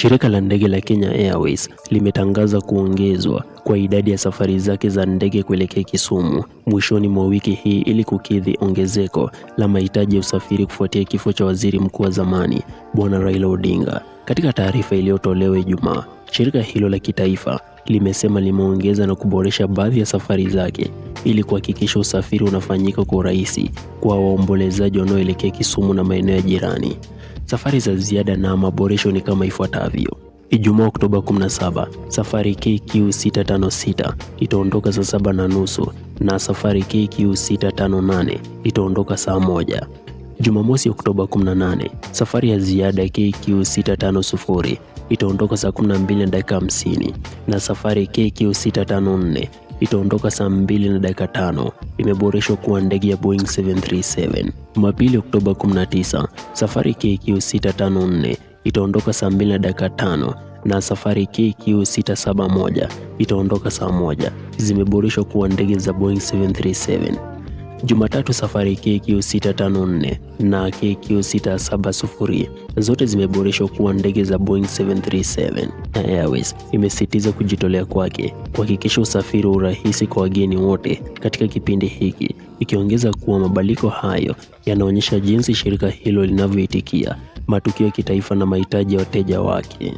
Shirika la ndege la Kenya Airways limetangaza kuongezwa kwa idadi ya safari zake za ndege kuelekea Kisumu mwishoni mwa wiki hii ili kukidhi ongezeko la mahitaji ya usafiri kufuatia kifo cha waziri mkuu wa zamani Bwana Raila Odinga. Katika taarifa iliyotolewa Ijumaa, shirika hilo la kitaifa limesema limeongeza na kuboresha baadhi ya safari zake ili kuhakikisha usafiri unafanyika kwa urahisi kwa waombolezaji wanaoelekea Kisumu na maeneo ya jirani. Safari za ziada na maboresho ni kama ifuatavyo. Ijumaa Oktoba 17, safari KQ656 itaondoka saa saba na nusu na safari KQ658 itaondoka saa moja. Jumamosi Oktoba 18, safari ya ziada KQ650 itaondoka saa 12 na dakika 50 na safari KQ654 itaondoka saa mbili na dakika tano. Imeboreshwa kuwa ndege ya Boeing 737. Jumapili Oktoba 19, safari KQ 654 itaondoka saa mbili na dakika tano na safari KQ 671 itaondoka saa moja. Zimeboreshwa kuwa ndege za Boeing 737. Jumatatu safari KQ654 na kq 670 zote zimeboreshwa kuwa ndege za Boeing 737 na Airways imesisitiza kujitolea kwake kuhakikisha usafiri wa urahisi kwa wageni wote katika kipindi hiki, ikiongeza kuwa mabadiliko hayo yanaonyesha jinsi shirika hilo linavyoitikia matukio ya kitaifa na mahitaji ya wateja wake.